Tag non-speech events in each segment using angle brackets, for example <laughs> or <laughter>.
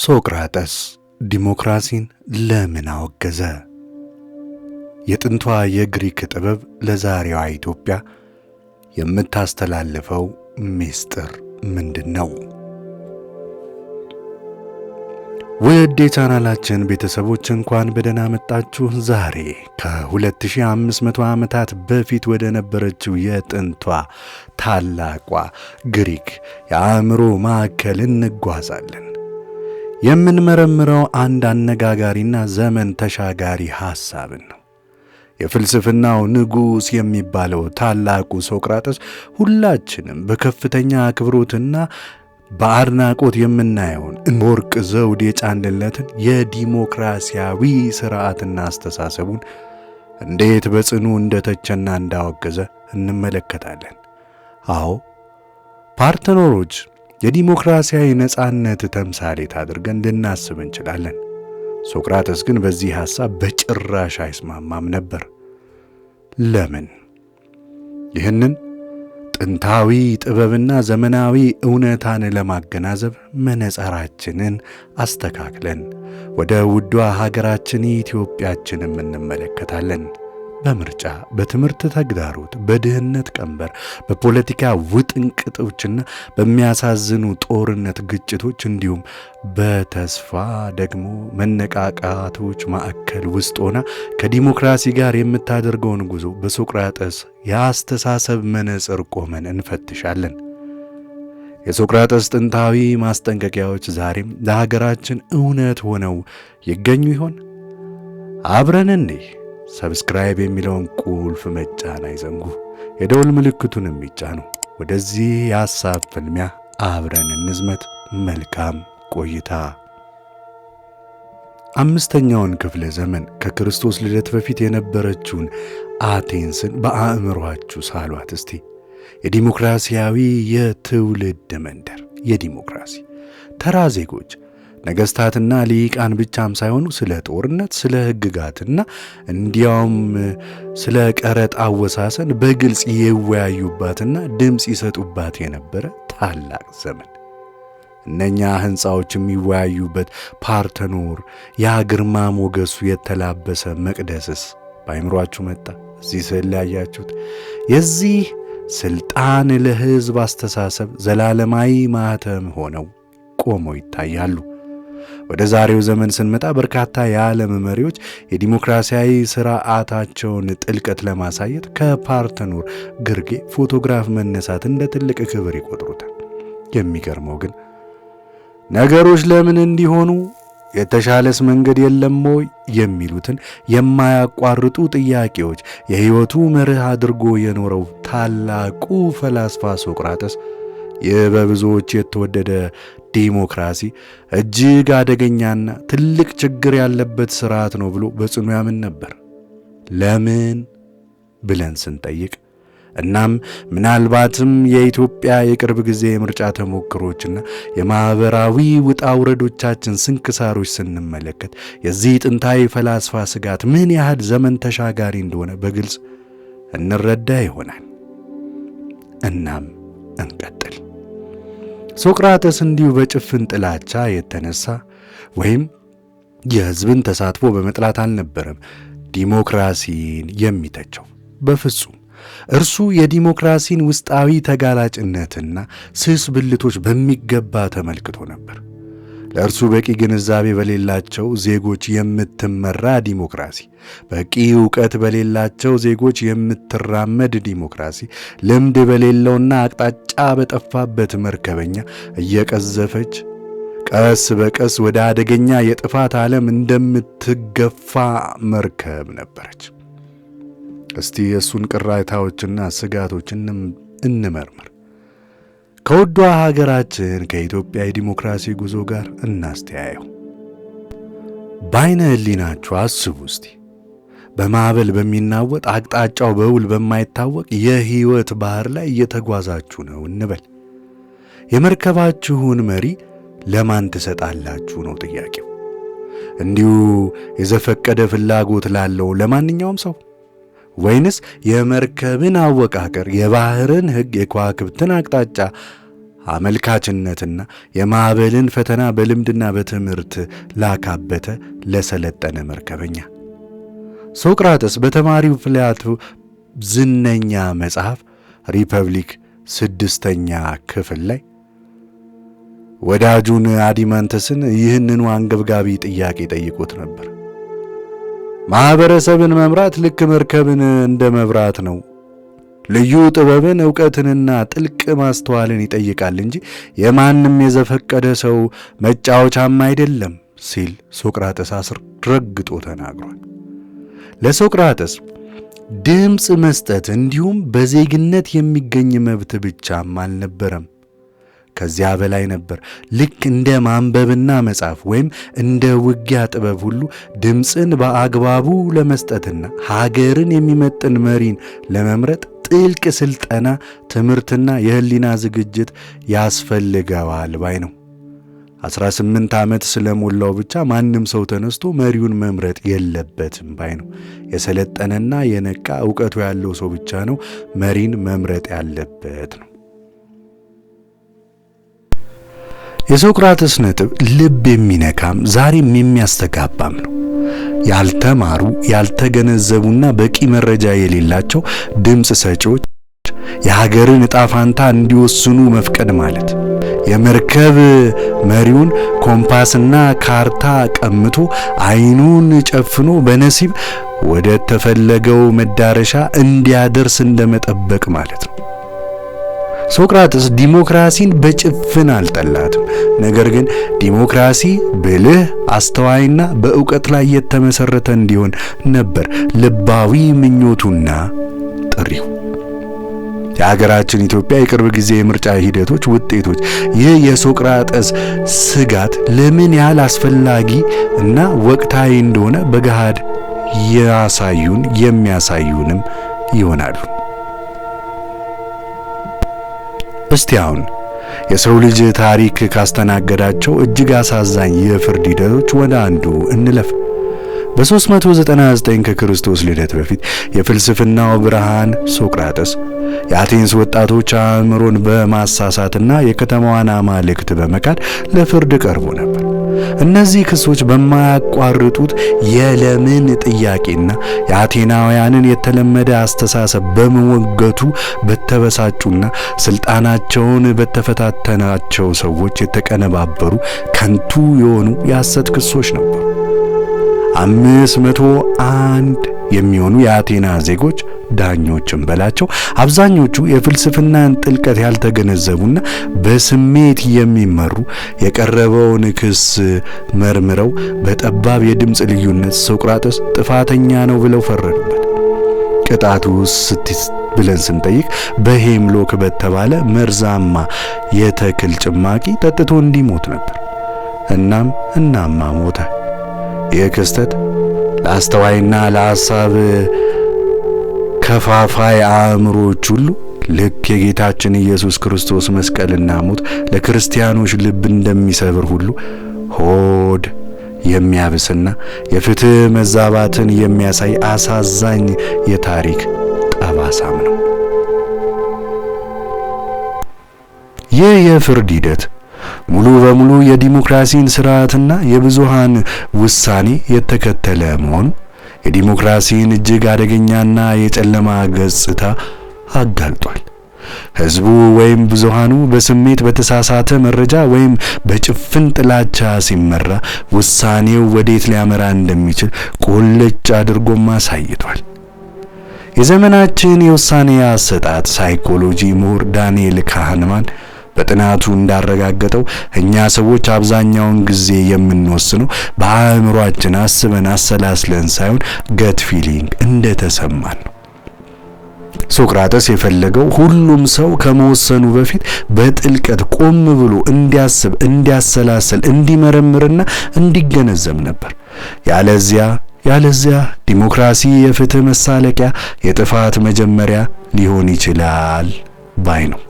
ሶቅራጠስ ዲሞክራሲን ለምን አወገዘ? የጥንቷ የግሪክ ጥበብ ለዛሬዋ ኢትዮጵያ የምታስተላልፈው ምስጢር ምንድን ነው? ውድ የቻናላችን ቤተሰቦች እንኳን በደህና መጣችሁ። ዛሬ ከ2500 ዓመታት በፊት ወደ ነበረችው የጥንቷ ታላቋ ግሪክ የአእምሮ ማዕከል እንጓዛለን። የምንመረምረው አንድ አነጋጋሪና ዘመን ተሻጋሪ ሐሳብን ነው። የፍልስፍናው ንጉሥ የሚባለው ታላቁ ሶቅራጠስ ሁላችንም በከፍተኛ አክብሮትና በአድናቆት የምናየውን ወርቅ ዘውድ የጫንለትን የዲሞክራሲያዊ ሥርዓትና አስተሳሰቡን እንዴት በጽኑ እንደተቸና እንዳወገዘ እንመለከታለን። አዎ ፓርተኖሮች የዲሞክራሲያዊ ነፃነት ተምሳሌት አድርገን ልናስብ እንችላለን። ሶቅራተስ ግን በዚህ ሐሳብ በጭራሽ አይስማማም ነበር። ለምን? ይህንን ጥንታዊ ጥበብና ዘመናዊ እውነታን ለማገናዘብ መነጸራችንን አስተካክለን ወደ ውዷ ሀገራችን ኢትዮጵያችንም እንመለከታለን። በምርጫ በትምህርት ተግዳሮት፣ በድህነት ቀንበር፣ በፖለቲካ ውጥንቅጦችና በሚያሳዝኑ ጦርነት ግጭቶች እንዲሁም በተስፋ ደግሞ መነቃቃቶች ማዕከል ውስጥ ሆና ከዲሞክራሲ ጋር የምታደርገውን ጉዞ በሶቅራጠስ የአስተሳሰብ መነጽር ቆመን እንፈትሻለን። የሶቅራጠስ ጥንታዊ ማስጠንቀቂያዎች ዛሬም ለሀገራችን እውነት ሆነው ይገኙ ይሆን? አብረን እንይ። ሰብስክራይብ የሚለውን ቁልፍ መጫን አይዘንጉ። የደውል ምልክቱንም ነው። ወደዚህ የሐሳብ ፍልሚያ አብረን እንዝመት። መልካም ቆይታ። አምስተኛውን ክፍለ ዘመን ከክርስቶስ ልደት በፊት የነበረችውን አቴንስን በአእምሯችሁ ሳሏት እስቲ። የዲሞክራሲያዊ የትውልድ መንደር፣ የዲሞክራሲ ተራ ዜጎች ነገስታትና ሊቃን ብቻም ሳይሆኑ ስለ ጦርነት፣ ስለ ህግጋትና እንዲያውም ስለ ቀረጥ አወሳሰን በግልጽ ይወያዩባትና ድምፅ ይሰጡባት የነበረ ታላቅ ዘመን። እነኛ ህንፃዎች የሚወያዩበት ፓርተኖር፣ ያ ግርማ ሞገሱ የተላበሰ መቅደስስ ባይምሯችሁ መጣ? እዚህ ስዕል ላይ ያያችሁት የዚህ ስልጣን ለህዝብ አስተሳሰብ ዘላለማዊ ማህተም ሆነው ቆመው ይታያሉ። ወደ ዛሬው ዘመን ስንመጣ በርካታ የዓለም መሪዎች የዲሞክራሲያዊ ስርዓታቸውን ጥልቀት ለማሳየት ከፓርተኖር ግርጌ ፎቶግራፍ መነሳት እንደ ትልቅ ክብር ይቆጥሩታል። የሚገርመው ግን ነገሮች ለምን እንዲሆኑ የተሻለስ መንገድ የለም ወይ የሚሉትን የማያቋርጡ ጥያቄዎች የሕይወቱ መርህ አድርጎ የኖረው ታላቁ ፈላስፋ ሶቅራጠስ ይህ በብዙዎች የተወደደ ዲሞክራሲ እጅግ አደገኛና ትልቅ ችግር ያለበት ስርዓት ነው ብሎ በጽኑ ያምን ነበር። ለምን ብለን ስንጠይቅ እናም ምናልባትም የኢትዮጵያ የቅርብ ጊዜ የምርጫ ተሞክሮችና የማኅበራዊ ውጣ ውረዶቻችን ስንክሳሮች ስንመለከት የዚህ ጥንታዊ ፈላስፋ ስጋት ምን ያህል ዘመን ተሻጋሪ እንደሆነ በግልጽ እንረዳ ይሆናል። እናም እንቀጥል። ሶቅራጠስ እንዲሁ በጭፍን ጥላቻ የተነሳ ወይም የሕዝብን ተሳትፎ በመጥላት አልነበረም ዲሞክራሲን የሚተቸው በፍጹም። እርሱ የዲሞክራሲን ውስጣዊ ተጋላጭነትና ስስ ብልቶች በሚገባ ተመልክቶ ነበር። ለእርሱ በቂ ግንዛቤ በሌላቸው ዜጎች የምትመራ ዲሞክራሲ፣ በቂ እውቀት በሌላቸው ዜጎች የምትራመድ ዲሞክራሲ፣ ልምድ በሌለውና አቅጣጫ በጠፋበት መርከበኛ እየቀዘፈች ቀስ በቀስ ወደ አደገኛ የጥፋት ዓለም እንደምትገፋ መርከብ ነበረች። እስቲ የእሱን ቅሬታዎችና ስጋቶች እንመርምር። ከውዷ ሀገራችን ከኢትዮጵያ የዲሞክራሲ ጉዞ ጋር እናስተያየው። በአይነ ህሊናችሁ አስቡ እስቲ። በማዕበል በሚናወጥ አቅጣጫው በውል በማይታወቅ የህይወት ባህር ላይ እየተጓዛችሁ ነው እንበል። የመርከባችሁን መሪ ለማን ትሰጣላችሁ ነው ጥያቄው። እንዲሁ የዘፈቀደ ፍላጎት ላለው ለማንኛውም ሰው ወይንስ የመርከብን አወቃቀር፣ የባህርን ሕግ፣ የከዋክብትን አቅጣጫ አመልካችነትና የማዕበልን ፈተና በልምድና በትምህርት ላካበተ ለሰለጠነ መርከበኛ? ሶቅራጥስ በተማሪው ፕላቶ ዝነኛ መጽሐፍ ሪፐብሊክ ስድስተኛ ክፍል ላይ ወዳጁን አዲማንተስን ይህንኑ አንገብጋቢ ጥያቄ ጠይቆት ነበር። ማኅበረሰብን መምራት ልክ መርከብን እንደ መብራት ነው። ልዩ ጥበብን እውቀትንና ጥልቅ ማስተዋልን ይጠይቃል እንጂ የማንም የዘፈቀደ ሰው መጫወቻም አይደለም ሲል ሶቅራጠስ ረግጦ ተናግሯል። ለሶቅራጠስ ድምፅ መስጠት እንዲሁም በዜግነት የሚገኝ መብት ብቻም አልነበረም። ከዚያ በላይ ነበር። ልክ እንደ ማንበብና መጻፍ ወይም እንደ ውጊያ ጥበብ ሁሉ ድምፅን በአግባቡ ለመስጠትና ሀገርን የሚመጥን መሪን ለመምረጥ ጥልቅ ስልጠና፣ ትምህርትና የህሊና ዝግጅት ያስፈልገዋል ባይ ነው። 18 ዓመት ስለሞላው ብቻ ማንም ሰው ተነስቶ መሪውን መምረጥ የለበትም ባይ ነው። የሰለጠነና የነቃ እውቀቱ ያለው ሰው ብቻ ነው መሪን መምረጥ ያለበት ነው። የሶቅራተስ ነጥብ ልብ የሚነካም ዛሬም የሚያስተጋባም ነው። ያልተማሩ ያልተገነዘቡና በቂ መረጃ የሌላቸው ድምፅ ሰጪዎች የሀገርን እጣፋንታ ፋንታ እንዲወስኑ መፍቀድ ማለት የመርከብ መሪውን ኮምፓስና ካርታ ቀምቶ አይኑን ጨፍኖ በነሲብ ወደ ተፈለገው መዳረሻ እንዲያደርስ እንደመጠበቅ ማለት ነው። ሶቅራጥስ ዲሞክራሲን በጭፍን አልጠላትም። ነገር ግን ዲሞክራሲ ብልህ አስተዋይና በእውቀት ላይ የተመሰረተ እንዲሆን ነበር ልባዊ ምኞቱና ጥሪው። የሀገራችን ኢትዮጵያ የቅርብ ጊዜ የምርጫ ሂደቶች ውጤቶች ይህ የሶቅራጠስ ስጋት ለምን ያህል አስፈላጊ እና ወቅታዊ እንደሆነ በገሃድ ያሳዩን የሚያሳዩንም ይሆናሉ። እስቲ አሁን የሰው ልጅ ታሪክ ካስተናገዳቸው እጅግ አሳዛኝ የፍርድ ሂደቶች ወደ አንዱ እንለፍ። በ399 ከክርስቶስ ልደት በፊት የፍልስፍናው ብርሃን ሶቅራጥስ የአቴንስ ወጣቶች አእምሮን በማሳሳትና የከተማዋን አማልክት በመካድ ለፍርድ ቀርቦ ነበር። እነዚህ ክሶች በማያቋርጡት የለምን ጥያቄና የአቴናውያንን የተለመደ አስተሳሰብ በመወገቱ በተበሳጩና ስልጣናቸውን በተፈታተናቸው ሰዎች የተቀነባበሩ ከንቱ የሆኑ የሐሰት ክሶች ነበሩ። አምስት መቶ አንድ የሚሆኑ የአቴና ዜጎች ዳኞችን በላቸው አብዛኞቹ የፍልስፍናን ጥልቀት ያልተገነዘቡና በስሜት የሚመሩ የቀረበውን ክስ መርምረው በጠባብ የድምፅ ልዩነት ሶቅራጠስ ጥፋተኛ ነው ብለው ፈረዱበት። ስትስ ብለን ስንጠይቅ በሄምሎክ በተባለ መርዛማ የተክል ጭማቂ ጠጥቶ እንዲሞት ነበር። እናም እናማ ሞተ። ይህ ክስተት ለአስተዋይና ለሐሳብ ከፋፋይ አእምሮች ሁሉ ልክ የጌታችን ኢየሱስ ክርስቶስ መስቀልና ሞት ለክርስቲያኖች ልብ እንደሚሰብር ሁሉ ሆድ የሚያብስና የፍትህ መዛባትን የሚያሳይ አሳዛኝ የታሪክ ጠባሳም ነው። ይህ የፍርድ ሂደት ሙሉ በሙሉ የዲሞክራሲን ስርዓትና የብዙሃን ውሳኔ የተከተለ መሆኑ የዲሞክራሲን እጅግ አደገኛና የጨለማ ገጽታ አጋልጧል። ህዝቡ ወይም ብዙሃኑ በስሜት በተሳሳተ መረጃ ወይም በጭፍን ጥላቻ ሲመራ ውሳኔው ወዴት ሊያመራ እንደሚችል ቁልጭ አድርጎም አሳይቷል። የዘመናችን የውሳኔ አሰጣጥ ሳይኮሎጂ ምሁር ዳንኤል ካህንማን በጥናቱ እንዳረጋገጠው እኛ ሰዎች አብዛኛውን ጊዜ የምንወስነው በአእምሯችን አስበን አሰላስለን ሳይሆን ገት ፊሊንግ እንደተሰማን ነው። ሶቅራጠስ የፈለገው ሁሉም ሰው ከመወሰኑ በፊት በጥልቀት ቆም ብሎ እንዲያስብ፣ እንዲያሰላስል፣ እንዲመረምርና እንዲገነዘብ ነበር። ያለዚያ ያለዚያ ዲሞክራሲ የፍትህ መሳለቂያ፣ የጥፋት መጀመሪያ ሊሆን ይችላል ባይ ነው።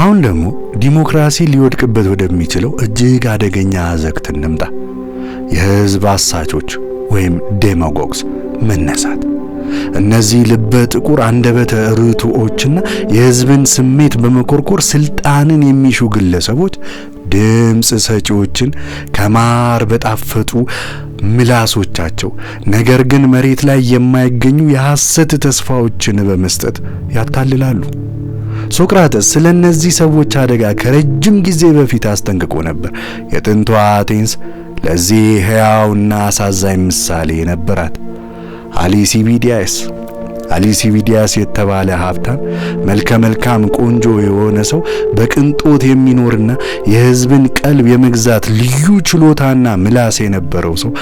አሁን ደግሞ ዲሞክራሲ ሊወድቅበት ወደሚችለው እጅግ አደገኛ አዘቅት እንምጣ። የህዝብ አሳቾች ወይም ዴማጎግስ መነሳት። እነዚህ ልበ ጥቁር አንደበተ ርቱዎችና የህዝብን ስሜት በመኮርኮር ስልጣንን የሚሹ ግለሰቦች ድምፅ ሰጪዎችን ከማር በጣፈጡ ምላሶቻቸው ነገር ግን መሬት ላይ የማይገኙ የሐሰት ተስፋዎችን በመስጠት ያታልላሉ። ሶቅራጠስ ስለ እነዚህ ሰዎች አደጋ ከረጅም ጊዜ በፊት አስጠንቅቆ ነበር። የጥንቷ አቴንስ ለዚህ ሕያውና አሳዛኝ ምሳሌ ነበራት። አሊሲቢዲያስ አሊሲቪዲያስ የተባለ ሀብታም መልከ መልካም ቆንጆ የሆነ ሰው በቅንጦት የሚኖርና የሕዝብን ቀልብ የመግዛት ልዩ ችሎታና ምላስ የነበረው ሰው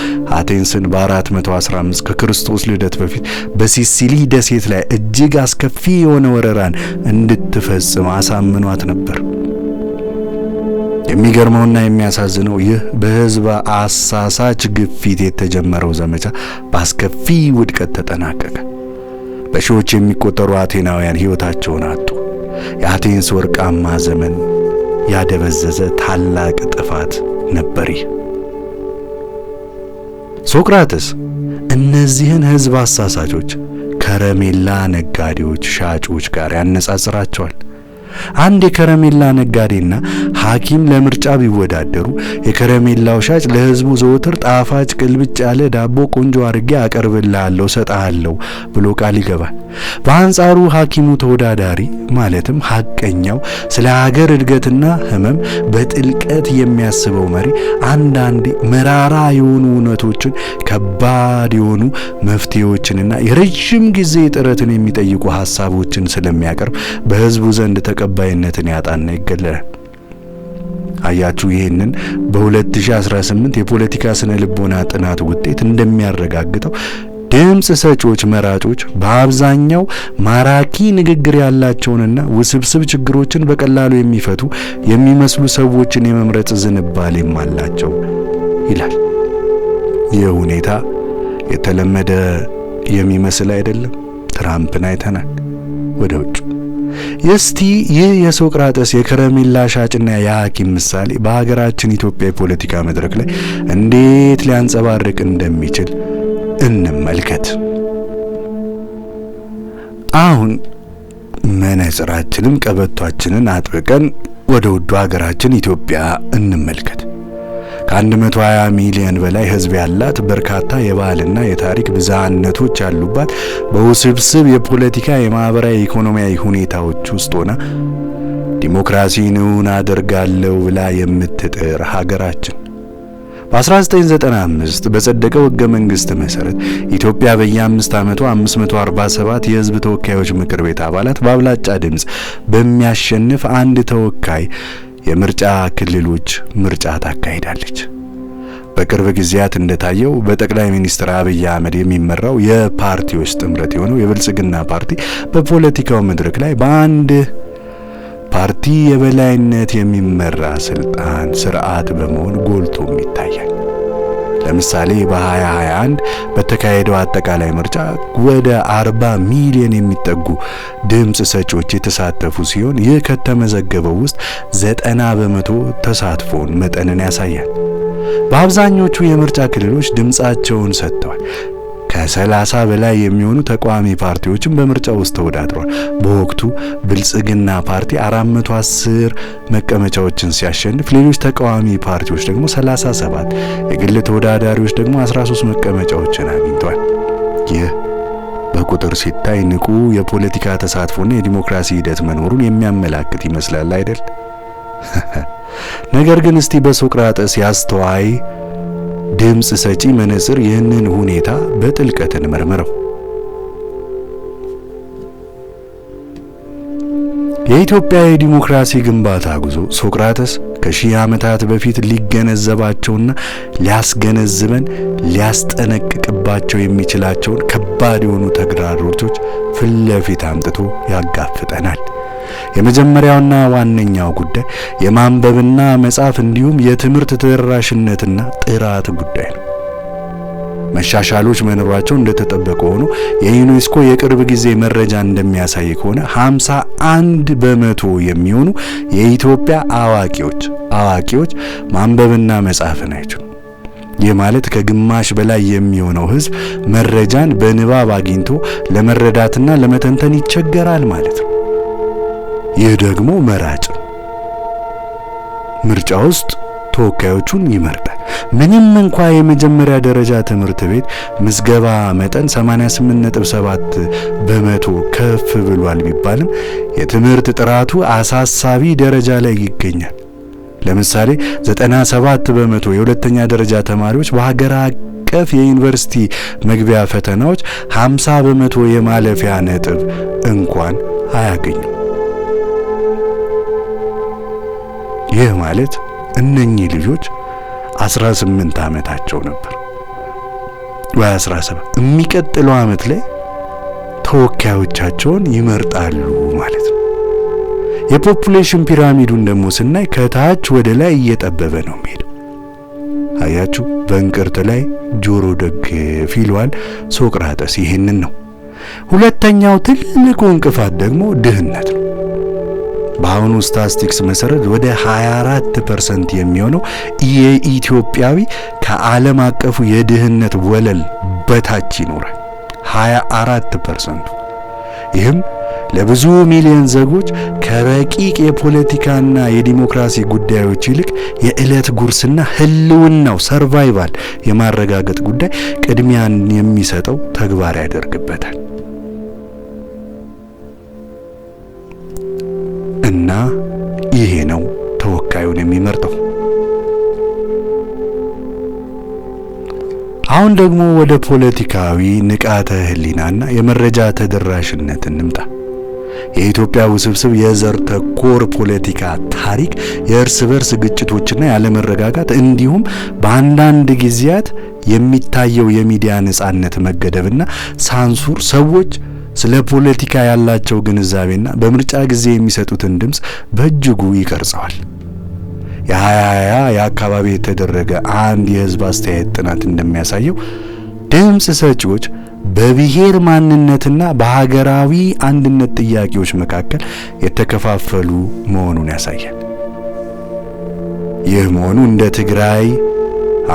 አቴንስን በ415 ከክርስቶስ ልደት በፊት በሲሲሊ ደሴት ላይ እጅግ አስከፊ የሆነ ወረራን እንድትፈጽም አሳምኗት ነበር። የሚገርመውና የሚያሳዝነው ይህ በህዝብ አሳሳች ግፊት የተጀመረው ዘመቻ በአስከፊ ውድቀት ተጠናቀቀ። በሺዎች የሚቆጠሩ አቴናውያን ሕይወታቸውን አጡ። የአቴንስ ወርቃማ ዘመን ያደበዘዘ ታላቅ ጥፋት ነበር። ይህ እነዚህን ሕዝብ አሳሳቾች ከረሜላ ነጋዴዎች፣ ሻጮች ጋር ያነጻጽራቸዋል። አንድ የከረሜላ ነጋዴና ሐኪም ለምርጫ ቢወዳደሩ የከረሜላው ሻጭ ለሕዝቡ ዘወትር ጣፋጭ ቅልብጭ ያለ ዳቦ ቆንጆ አድርጌ አቀርብልሃለሁ፣ ሰጥሃለሁ ብሎ ቃል ይገባል። በአንጻሩ ሐኪሙ ተወዳዳሪ ማለትም ሐቀኛው ስለ ሀገር እድገትና ሕመም በጥልቀት የሚያስበው መሪ አንዳንዴ መራራ የሆኑ እውነቶችን፣ ከባድ የሆኑ መፍትሄዎችንና የረዥም ጊዜ ጥረትን የሚጠይቁ ሀሳቦችን ስለሚያቀርብ በሕዝቡ ዘንድ ተቀ ተቀባይነትን ያጣና ይገለላል። አያችሁ ይህንን በ2018 የፖለቲካ ስነ ልቦና ጥናት ውጤት እንደሚያረጋግጠው ድምፅ ሰጪዎች መራጮች በአብዛኛው ማራኪ ንግግር ያላቸውንና ውስብስብ ችግሮችን በቀላሉ የሚፈቱ የሚመስሉ ሰዎችን የመምረጥ ዝንባሌም አላቸው ይላል። ይህ ሁኔታ የተለመደ የሚመስል አይደለም። ትራምፕን አይተናል። ወደ ውጭ እስቲ ይህ የሶቅራጠስ የከረሜላ ሻጭና የሐኪም ምሳሌ በሀገራችን ኢትዮጵያ የፖለቲካ መድረክ ላይ እንዴት ሊያንጸባርቅ እንደሚችል እንመልከት። አሁን መነጽራችንን ቀበቷችንን አጥብቀን ወደ ውዱ ሀገራችን ኢትዮጵያ እንመልከት። ከ120 ሚሊዮን በላይ ህዝብ ያላት በርካታ የባህልና የታሪክ ብዝሃነቶች ያሉባት በውስብስብ የፖለቲካ የማህበራዊ፣ ኢኮኖሚያዊ ሁኔታዎች ውስጥ ሆና ዲሞክራሲን እውን አደርጋለሁ ብላ የምትጥር ሀገራችን በ1995 በጸደቀው ህገ መንግስት መሰረት ኢትዮጵያ በየአምስት ዓመቱ 547 የህዝብ ተወካዮች ምክር ቤት አባላት በአብላጫ ድምፅ በሚያሸንፍ አንድ ተወካይ የምርጫ ክልሎች ምርጫ ታካሂዳለች። በቅርብ ጊዜያት እንደታየው በጠቅላይ ሚኒስትር አብይ አህመድ የሚመራው የፓርቲዎች ጥምረት የሆነው የብልጽግና ፓርቲ በፖለቲካው መድረክ ላይ በአንድ ፓርቲ የበላይነት የሚመራ ስልጣን ስርዓት በመሆን ጎልቶም ይታያል። ለምሳሌ በ2021 በተካሄደው አጠቃላይ ምርጫ ወደ 40 ሚሊዮን የሚጠጉ ድምፅ ሰጪዎች የተሳተፉ ሲሆን ይህ ከተመዘገበው ውስጥ 90 በመቶ ተሳትፎን መጠንን ያሳያል። በአብዛኞቹ የምርጫ ክልሎች ድምፃቸውን ሰጥተዋል። ከ በላይ የሚሆኑ ተቃዋሚ ፓርቲዎችን በምርጫ ውስጥ ተወዳድሯል። በወቅቱ ብልጽግና ፓርቲ 410 መቀመጫዎችን ሲያሸንፍ ሌሎች ተቃዋሚ ፓርቲዎች ደግሞ 37፣ የግል ተወዳዳሪዎች ደግሞ 13 መቀመጫዎችን አግኝተዋል። ይህ በቁጥር ሲታይ ንቁ የፖለቲካ ተሳትፎና የዲሞክራሲ ሂደት መኖሩን የሚያመላክት ይመስላል አይደል? <laughs> ነገር ግን እስቲ በሶቅራጠስ ያስተዋይ ድምፅ ሰጪ መነጽር ይህንን ሁኔታ በጥልቀት እንመርምረው። የኢትዮጵያ የዲሞክራሲ ግንባታ ጉዞ ሶቅራተስ ከሺህ ዓመታት በፊት ሊገነዘባቸውና ሊያስገነዝበን ሊያስጠነቅቅባቸው የሚችላቸውን ከባድ የሆኑ ተግዳሮቶች ፊት ለፊት አምጥቶ ያጋፍጠናል። የመጀመሪያውና ዋነኛው ጉዳይ የማንበብና መጻፍ እንዲሁም የትምህርት ተደራሽነትና ጥራት ጉዳይ ነው። መሻሻሎች መኖራቸው እንደተጠበቀ ሆኖ የዩኔስኮ የቅርብ ጊዜ መረጃ እንደሚያሳይ ከሆነ 51 በመቶ የሚሆኑ የኢትዮጵያ አዋቂዎች አዋቂዎች ማንበብና መጻፍን አይችሉም። ይህ ማለት ከግማሽ በላይ የሚሆነው ሕዝብ መረጃን በንባብ አግኝቶ ለመረዳትና ለመተንተን ይቸገራል ማለት ነው። ይህ ደግሞ መራጭ ምርጫ ውስጥ ተወካዮቹን ይመርጣል። ምንም እንኳ የመጀመሪያ ደረጃ ትምህርት ቤት ምዝገባ መጠን 88.7 በመቶ ከፍ ብሏል ቢባልም የትምህርት ጥራቱ አሳሳቢ ደረጃ ላይ ይገኛል። ለምሳሌ 97 በመቶ የሁለተኛ ደረጃ ተማሪዎች በሀገር አቀፍ የዩኒቨርሲቲ መግቢያ ፈተናዎች 50 በመቶ የማለፊያ ነጥብ እንኳን አያገኙም። ይህ ማለት እነኚህ ልጆች 18 ዓመታቸው ነበር ወይ 17 የሚቀጥለው ዓመት ላይ ተወካዮቻቸውን ይመርጣሉ ማለት ነው። የፖፑሌሽን ፒራሚዱን ደግሞ ስናይ ከታች ወደ ላይ እየጠበበ ነው የሚሄደው። አያችሁ፣ በእንቅርት ላይ ጆሮ ደግፍ ይለዋል ሶቅራጠስ። ይህንን ነው። ሁለተኛው ትልቁ እንቅፋት ደግሞ ድህነት ነው። በአሁኑ ስታስቲክስ መሰረት ወደ 24 ፐርሰንት የሚሆነው የኢትዮጵያዊ ከዓለም አቀፉ የድህነት ወለል በታች ይኖራል። 24 ፐርሰንቱ ይህም ለብዙ ሚሊዮን ዜጎች ከረቂቅ የፖለቲካና የዲሞክራሲ ጉዳዮች ይልቅ የዕለት ጉርስና ህልውናው ሰርቫይቫል የማረጋገጥ ጉዳይ ቅድሚያን የሚሰጠው ተግባር ያደርግበታል። አሁን ደግሞ ወደ ፖለቲካዊ ንቃተ ህሊናና የመረጃ ተደራሽነት እንምጣ። የኢትዮጵያ ውስብስብ የዘር ተኮር ፖለቲካ ታሪክ የእርስ በርስ ግጭቶችና ያለመረጋጋት እንዲሁም በአንዳንድ ጊዜያት የሚታየው የሚዲያ ነጻነት መገደብና ሳንሱር ሰዎች ስለ ፖለቲካ ያላቸው ግንዛቤና በምርጫ ጊዜ የሚሰጡትን ድምፅ በእጅጉ ይቀርጸዋል። የሀያ የአካባቢ የተደረገ አንድ የህዝብ አስተያየት ጥናት እንደሚያሳየው ድምፅ ሰጪዎች በብሔር ማንነትና በሀገራዊ አንድነት ጥያቄዎች መካከል የተከፋፈሉ መሆኑን ያሳያል። ይህ መሆኑ እንደ ትግራይ፣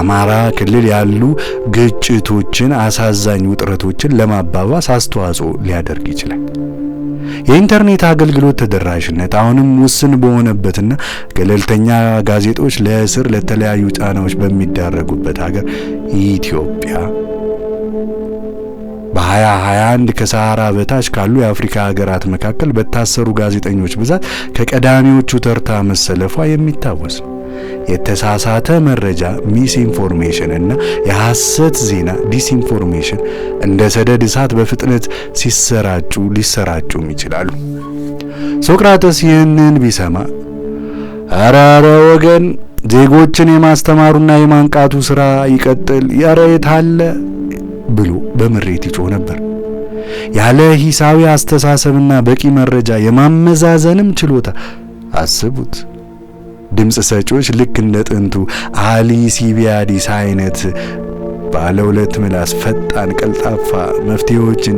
አማራ ክልል ያሉ ግጭቶችን፣ አሳዛኝ ውጥረቶችን ለማባባስ አስተዋጽኦ ሊያደርግ ይችላል። የኢንተርኔት አገልግሎት ተደራሽነት አሁንም ውስን በሆነበትና ገለልተኛ ጋዜጦች ለእስር ለተለያዩ ጫናዎች በሚዳረጉበት ሀገር ኢትዮጵያ በ2021 ከሰሃራ በታች ካሉ የአፍሪካ ሀገራት መካከል በታሰሩ ጋዜጠኞች ብዛት ከቀዳሚዎቹ ተርታ መሰለፏ የሚታወስ ነው። የተሳሳተ መረጃ ሚስ ኢንፎርሜሽን እና የሐሰት ዜና ዲስኢንፎርሜሽን እንደ ሰደድ እሳት በፍጥነት ሲሰራጩ ሊሰራጩም ይችላሉ። ሶቅራጠስ ይህንን ቢሰማ ኧረ ኧረ ወገን ዜጎችን የማስተማሩና የማንቃቱ ሥራ ይቀጥል፣ ኧረ አለ ብሎ በምሬት ይጮህ ነበር። ያለ ሂሳዊ አስተሳሰብና በቂ መረጃ የማመዛዘንም ችሎታ አስቡት። ድምፅ ሰጪዎች ልክ እንደ ጥንቱ አሊ ሲቢያዲስ አይነት ባለ ሁለት ምላስ ፈጣን ቀልጣፋ መፍትሄዎችን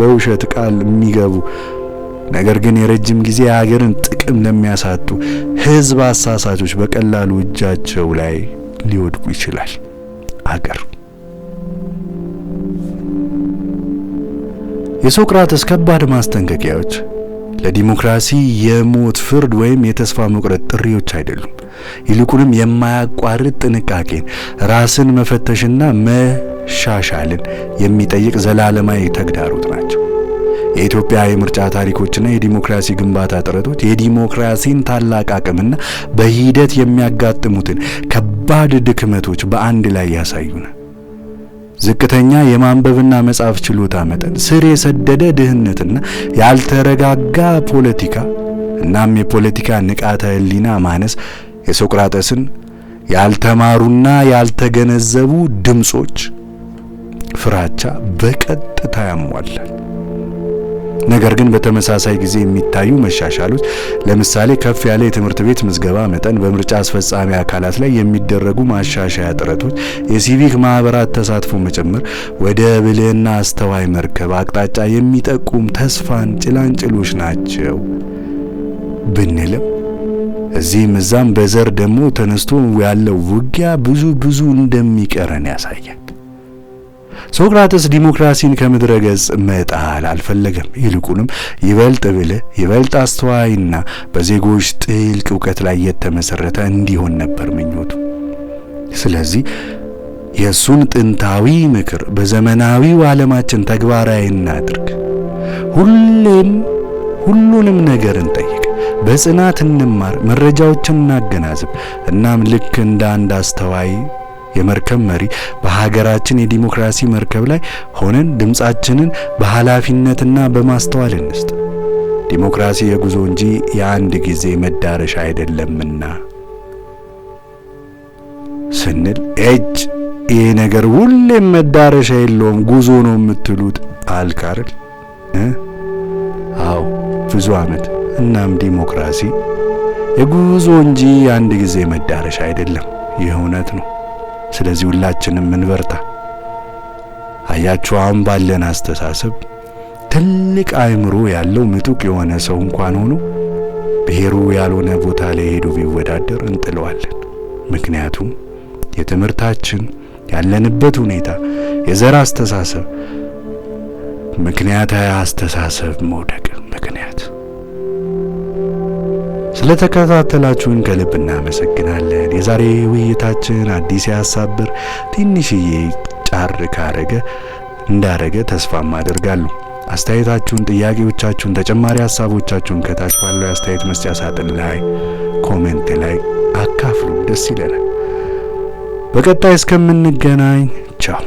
በውሸት ቃል የሚገቡ ነገር ግን የረጅም ጊዜ የሀገርን ጥቅም ለሚያሳጡ ህዝብ አሳሳቾች በቀላሉ እጃቸው ላይ ሊወድቁ ይችላል። አገር የሶቅራተስ ከባድ ማስጠንቀቂያዎች ለዲሞክራሲ የሞት ፍርድ ወይም የተስፋ መቁረጥ ጥሪዎች አይደሉም። ይልቁንም የማያቋርጥ ጥንቃቄን፣ ራስን መፈተሽና መሻሻልን የሚጠይቅ ዘላለማዊ ተግዳሮት ናቸው። የኢትዮጵያ የምርጫ ታሪኮችና የዲሞክራሲ ግንባታ ጥረቶች የዲሞክራሲን ታላቅ አቅምና በሂደት የሚያጋጥሙትን ከባድ ድክመቶች በአንድ ላይ ያሳዩናል። ዝቅተኛ የማንበብና መጻፍ ችሎታ መጠን፣ ስር የሰደደ ድህነትና ያልተረጋጋ ፖለቲካ እናም የፖለቲካ ንቃተ ህሊና ማነስ የሶቅራጠስን ያልተማሩና ያልተገነዘቡ ድምጾች ፍራቻ በቀጥታ ያሟላል። ነገር ግን በተመሳሳይ ጊዜ የሚታዩ መሻሻሎች ለምሳሌ ከፍ ያለ የትምህርት ቤት ምዝገባ መጠን፣ በምርጫ አስፈጻሚ አካላት ላይ የሚደረጉ ማሻሻያ ጥረቶች፣ የሲቪክ ማህበራት ተሳትፎ መጨመር ወደ ብልህና አስተዋይ መርከብ አቅጣጫ የሚጠቁም ተስፋን ጭላንጭሎች ናቸው ብንልም እዚህም እዛም በዘር ደግሞ ተነስቶ ያለው ውጊያ ብዙ ብዙ እንደሚቀረን ያሳያል። ሶክራተስ ዲሞክራሲን ከምድረ ገጽ መጣል አልፈለገም። ይልቁንም ይበልጥ ብልህ፣ ይበልጥ አስተዋይና በዜጎች ጥልቅ እውቀት ላይ የተመሰረተ እንዲሆን ነበር ምኞቱ። ስለዚህ የእሱን ጥንታዊ ምክር በዘመናዊው ዓለማችን ተግባራዊ እናድርግ። ሁሌም ሁሉንም ነገር እንጠይቅ፣ በጽናት እንማር፣ መረጃዎችን እናገናዝብ። እናም ልክ እንደ አንድ አስተዋይ የመርከብ መሪ በሀገራችን የዲሞክራሲ መርከብ ላይ ሆነን ድምፃችንን በኃላፊነትና በማስተዋል እንስጥ። ዲሞክራሲ የጉዞ እንጂ የአንድ ጊዜ መዳረሻ አይደለምና ስንል እጅ ይሄ ነገር ሁሌም መዳረሻ የለውም ጉዞ ነው የምትሉት አልካርል አው ብዙ ዓመት እናም ዲሞክራሲ የጉዞ እንጂ የአንድ ጊዜ መዳረሻ አይደለም። ይህ እውነት ነው። ስለዚህ ሁላችንም እንበርታ። አሁን ባለን አስተሳሰብ ትልቅ አእምሮ ያለው ምጡቅ የሆነ ሰው እንኳን ሆኖ ብሔሩ ያልሆነ ቦታ ላይ ሄዶ ቢወዳደር እንጥለዋለን። ምክንያቱም የትምህርታችን ያለንበት ሁኔታ የዘር አስተሳሰብ ምክንያታዊ አስተሳሰብ መውደቅ ምክንያት ስለተከታተላችሁን ከልብ እናመሰግናለን። የዛሬ ውይይታችን አዲስ ያሳብር ትንሽዬ ጫር ካረገ እንዳረገ ተስፋም አደርጋለሁ። አስተያየታችሁን፣ ጥያቄዎቻችሁን፣ ተጨማሪ ሀሳቦቻችሁን ከታች ባለው የአስተያየት መስጫ ሳጥን ላይ ኮሜንት ላይ አካፍሉ፣ ደስ ይለናል። በቀጣይ እስከምንገናኝ ቻው።